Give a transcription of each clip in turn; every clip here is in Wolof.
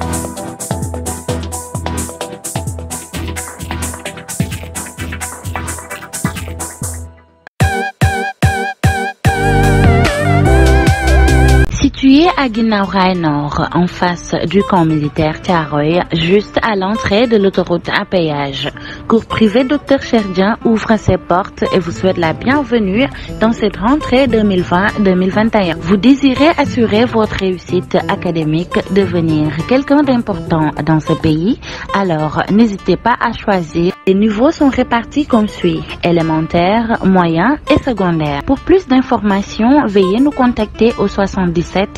Thank you. situé à et Nord, en face du camp militaire Tiaroy, juste à l'entrée de l'autoroute à péage. Cours privé Dr Cherdien ouvre ses portes et vous souhaite la bienvenue dans cette rentrée 2020-2021. Vous désirez assurer votre réussite académique, devenir quelqu'un d'important dans ce pays Alors, n'hésitez pas à choisir. Les niveaux sont répartis comme suit élémentaire, moyen et secondaire. Pour plus d'informations, veuillez nous contacter au 77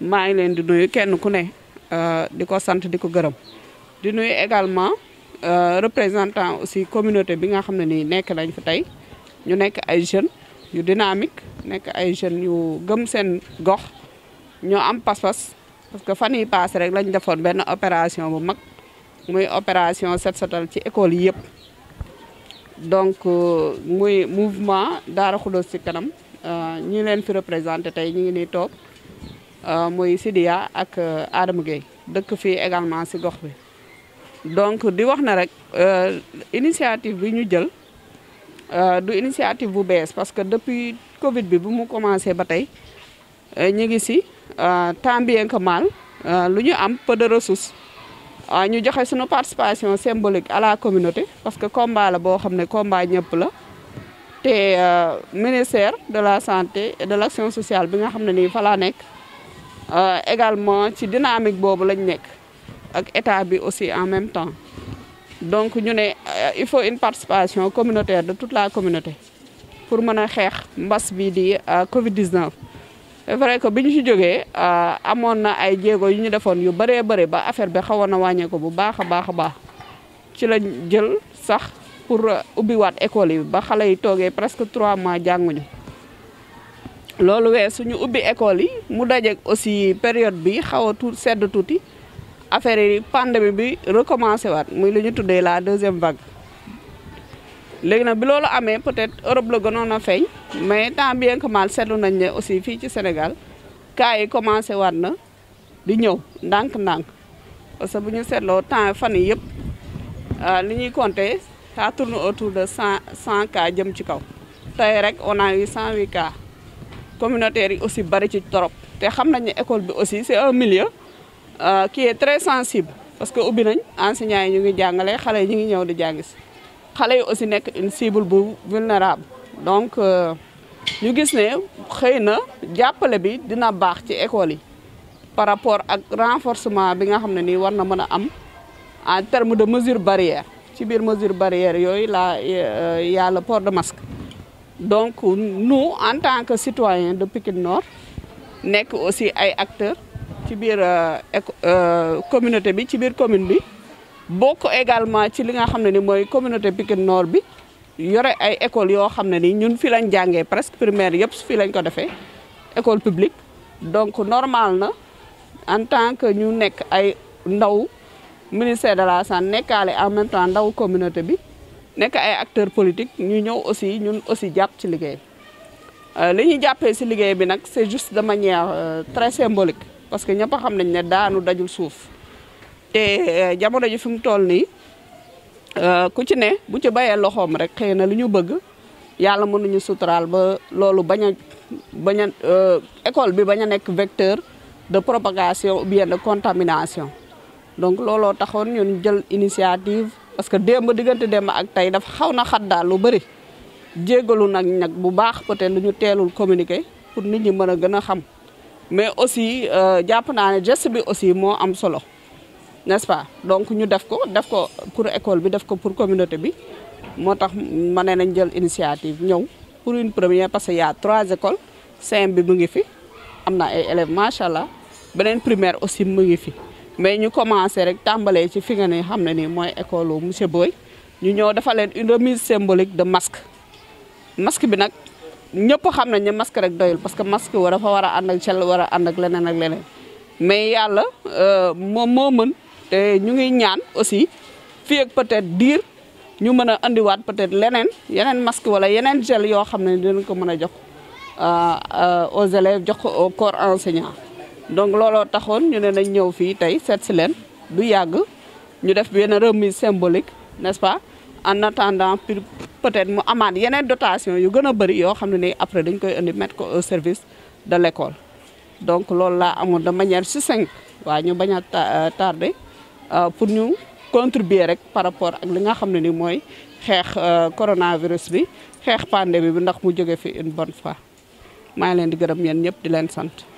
maa ngi leen di nuyu kenn ku ne euh, di ko sant di ko gërëm di nuyu également euh, représentant aussi communauté bi nga xam ne nii nekk nañ fa tey ñu nekk ay jeunes yu dynamique nekk ay jeunes yu gëm seen gox ñoo am pas-pas parce que fan yii paase rek lañ defoon benn opération bu mag muy opération set setal ci école yi yëpp donc euh, muy mouvement Daara Xudoos ci kanam ñi leen fi représenté tey ñu ngi nii toog. Euh, moy Sidiya ak euh, adam gay dëkk fi également si gox bi donc di wax na rek euh, initiative bi ñu jël du initiative bu Bes, parce que depuis Covid bi bu mu commencé ba tey ñu ngi euh tant bien que mal lu ñu am peu de ressources ñu joxe suñu participation symbolique à la communauté parce que combat la bo xamné combat ñëpp la sante ministère de la santé et de l'action sociale bi nga xamné ni fa la nek Euh, également ci dynamique boobu lañ nekk ak état bi aussi en même temps donc ñu ne euh, il faut une participation communautaire de toute la communauté pour mën a xeex mbas bi di euh, Covid 19. c'est vrai que bi ñu ci jógee amoon na ay jéego yu ñu defoon yu bëree bëri ba affaire bi xawoon na wàññeeku bu baax a baax a baax ci lañ jël sax pour ubbiwaat école yi ba xale yi toogee presque trois mois jànguñu. loolu weesu ñu ubbi école yi mu dajeeg aussi période bi xaw a tuut sedd tuuti affaire yi pandémie bi recommencé waat muy lu tuddee la deuxième vague. léegi nag bi loolu amee peut-être Europe la gënoon a feeñ mais temps bien que mal seetlu nañ ne aussi fii ci Sénégal cas yi commencé waat na di ñëw ndànk-ndànk parce que bu ñu seetloo temps fan yi yëpp euh, li ñuy compter ça tourne autour de cent cent cas jëm ci kaw tey rek on cent huit cas. communautaire yi aussi bari ci torop té xam nañ école bi aussi c'est un milieu euh, qui est très sensible parce que ubi nañ enseignants yi ñu ngi jàngale xalé yi ñu ngi ñëw di jàngis xalé yi aussi nek une cible bu vulnérable donc euh, ñu gis né xeyna jappalé bi dina baax ci école yi par rapport ak renforcement bi nga xamné ni nii war na mën am en terme de mesure barrière ci bir mesure barrière yoy la euh, y a le port de masque donc nous en tant que citoyens de Pékin Nord nek aussi ay acteur ci biir euh, euh, communauté bi ci biir commune bi bokk également ci li nga xamné ni moy communauté Pékin Nord bi yore ay école yo xamné ni ñun fi lañ jàngee presque primaire yépp fi lañ ko défé école publique donc normal na en tant que ñu nek ay ndaw ministère de la santé nekkaale en même temps ndaw communauté bi nek ay acteur politique ñu ñëw aussi ñun aussi japp ci liggéey li ñu jappé si liggéey bi nak c'est juste de manière très symbolique parce que ñepp xam nañ né daanu dajul suuf té jamono ji fi mu toll euh ku ci né bu ci bayé loxom rek xëy lu ñu bëgg mënu ñu sutural ba lolu baña baña euh école bi baña nek vecteur de propagation ou bien de contamination donc lolo taxone ñun jël initiative parce que demb digënté démb ak tay dafa xawna na xat daal lu bëri jégalu nak nag bu baax peut-être lu ñu teelul communiquer pour nit ñi mëna gëna xam mais aussi euh japp ne geste bi aussi mo am solo n'est-ce pas donc ñu def ko def ko pour école bi def ko pour communauté bi motax mané nañ jël initiative ñew pour une première parce qu'il y a trois écoles cinq bi mu ngi fi amna ay élèves machallah benen primaire aussi mu ngi fi. mais ñu commencé rek tàmbalee ci fi nga xam ne ni mooy école monsieur Boy ñu ñëw dafa leen une remise symbolique de masque masque bi nag ñëpp xam nañ ne masque rek doyul parce que masque war dafa war a ànd ak war a ànd ak leneen leneen mais yàlla euh, moom moo mën te ñu ngi ñaan aussi fii ak peut-être diir ñu mën a andiwaat peut-être leneen yeneen masque wala yeneen gel yoo xam ne dinañ ko mën a jox euh, euh, aux élèves jox ko au corps enseignant donc lolo taxone ñu ne nañ ñëw fi tay seet len du yagg ñu def benn remise symbolique n'est-ce pas en attendant peut-être mu amane yeneen dotation yu gëna bari yo xamné xam ni après dañ koy andi mettre ko au service de l'école donc lolo la amoon de manière succincte wa ñu baña a euh, tardé euh, pour ñu contribuer rek par rapport ak li nga xamné ni moy xex euh, coronavirus bi xex pandémie bi ndax mu joggé fi une bonne fois ma ngi leen di gërëm yéen ñëpp di leen sant